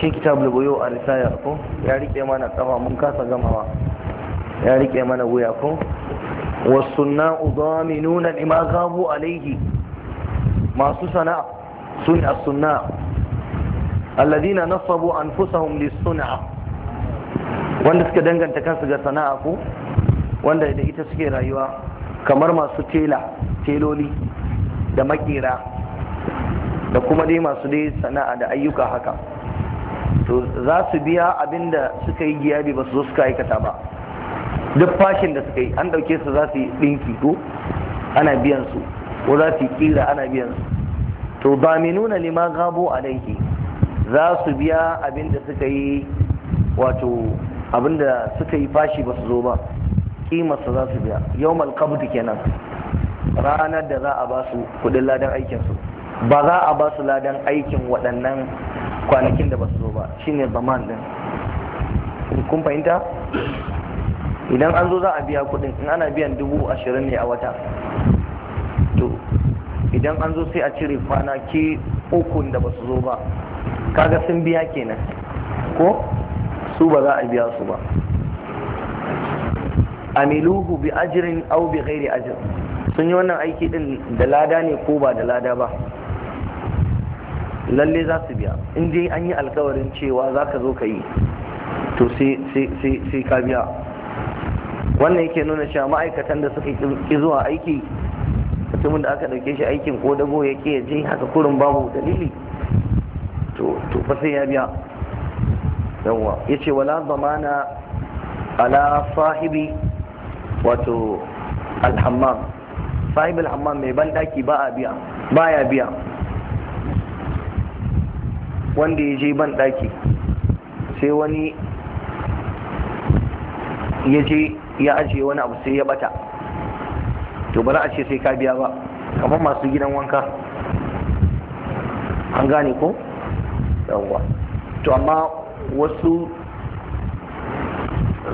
cikin da goyo a risaya ko ya rike mana kafa mun kasa gamawa ya rike mana wuya ko wasunna udaminuna lima gabu alaihi masu sana'a sun as-sunna alladhina nasabu anfusahum lis-sun'a wanda suka danganta kansu ga sana'a ko wanda da ita suke rayuwa kamar masu tela teloli da makera da kuma dai masu dai sana'a da ayyuka haka to za su biya abinda suka yi giyabi ba su zo suka aikata ba duk fashin da suka yi an dauke su za su yi dinki ko ana biyan su ko za su yi kila ana biyan su to ba nuna lima gabo a danki za su biya abinda suka yi wato abinda suka yi fashi ba su zo ba kimarsa za su biya yau malkabutu kenan ranar da za a ba su kudin ladan aikinsu ba za a ba su ladan aikin waɗannan kwanakin da ba su zo ba shine zaman din kun fahimta idan an zo za a biya kudin in ana biyan dubu ashirin ne a wata to idan an zo sai a cire kwanaki ukun da ba su zo ba kaga sun biya kenan ko su ba za a biya su ba amiluhu bi ajirin au bi ghairi ajir sun yi wannan aiki din da lada ne ko ba da lada ba lalle za su biya in dai an yi alkawarin cewa za ka zo ka yi to sai ka biya wannan yake nuna cewa ma'aikatan da suka ki zuwa aiki mutumin da aka ɗauke shi aikin ko dago ya ke je haka kurin babu dalili to fa sai ya biya yawwa ya ce wala zamana ala sahibi wato alhammam sahibi alhammam mai ban daki ba a biya ba ya biya wanda ya je ban daki sai wani ya je ya ajiye wani abu sai ya bata to bari a ce sai ka biya ba kamar masu gidan wanka an gane ko yawwa to amma wasu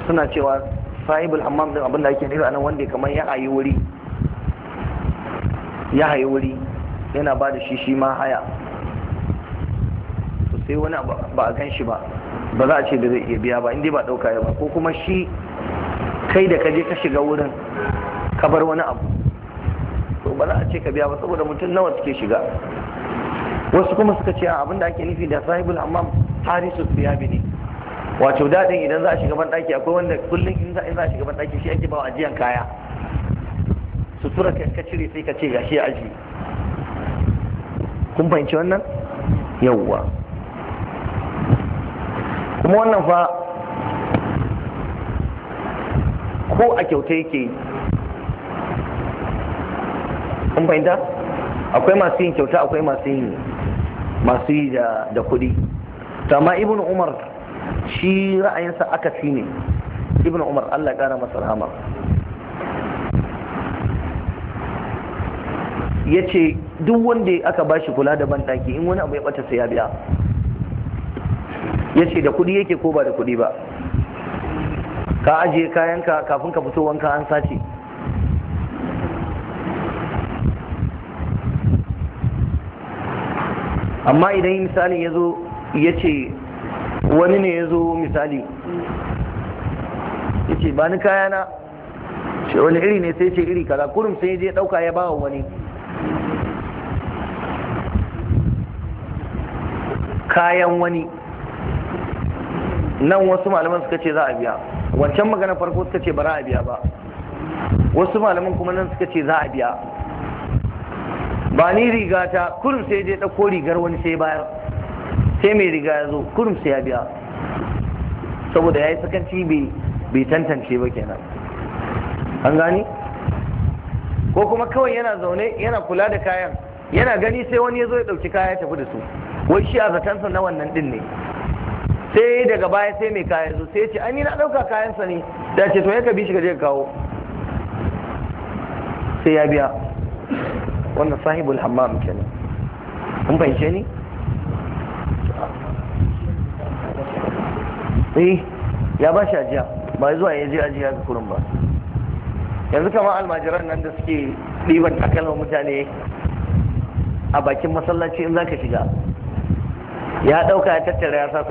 suna cewa sahibul hammam din abinda ake nufi anan wanda kamar ya hayi wuri ya hayi wuri yana ba da shi shi ma haya sai wani ba a gan shi ba ba za a ce da zai iya biya ba inda ba ɗauka ya ba ko kuma shi kai da ka je ka shiga wurin ka bar wani abu to ba za a ce ka biya ba saboda mutum nawa suke shiga wasu kuma suka ce da ake nufi da sahibul amma harisu biya ne wato daɗin idan za a shiga ban ɗaki akwai wanda kullum in za a shiga ban ɗaki shi ake bawa ajiyan kaya sutura ka cire sai ka ce gashi aji kun fahimci wannan yawwa kuma wannan fa ko a kyauta yake kun fahimta akwai masu yin kyauta akwai masu yi masu yi da kuɗi amma ibn umar shi ra'ayinsa aka fi ne ibn umar allah ƙara masa hamar ya ce duk wanda aka ba shi kula da banɗaki in wani abu ya ɓata sai ya biya Ya ce da kuɗi yake ko ba da kuɗi ba ka ajiye kayanka kafin ka fito wanka an sace amma idan misali ya zo ya ce wani ne ya zo misali ya ce ba ni kayana ce wani iri ne sai ce iri kaza kurum sai je ɗauka ya bawa wani kayan wani nan wasu malaman suka ce za a biya wancan magana farko suka ce ba za a biya ba wasu malaman kuma nan suka ce za a biya ba ni riga ta kurum sai dai dauko rigar wani sai bayar sai mai riga ya zo kurum sai ya biya saboda ya yi sakanci bai tantance ba kenan an gani ko kuma kawai yana zaune yana kula da kayan yana gani sai wani ya zo ya ɗauki kaya ya tafi da su wai shi a zatansa na wannan din ne sai daga baya sai mai kayan su sai ce ni na ɗauka kayansa ne da ce to ya ka bi shi gaje kawo sai ya biya wannan sahibul hammam ne kun fahimce ni eh ya ba shi ajiya ba zuwa ya je ajiya ga kurin ba yanzu kama almajiran nan da suke ɗiban takalma mutane a bakin masallaci in za ka shiga ya ɗauka ya tattara ya sa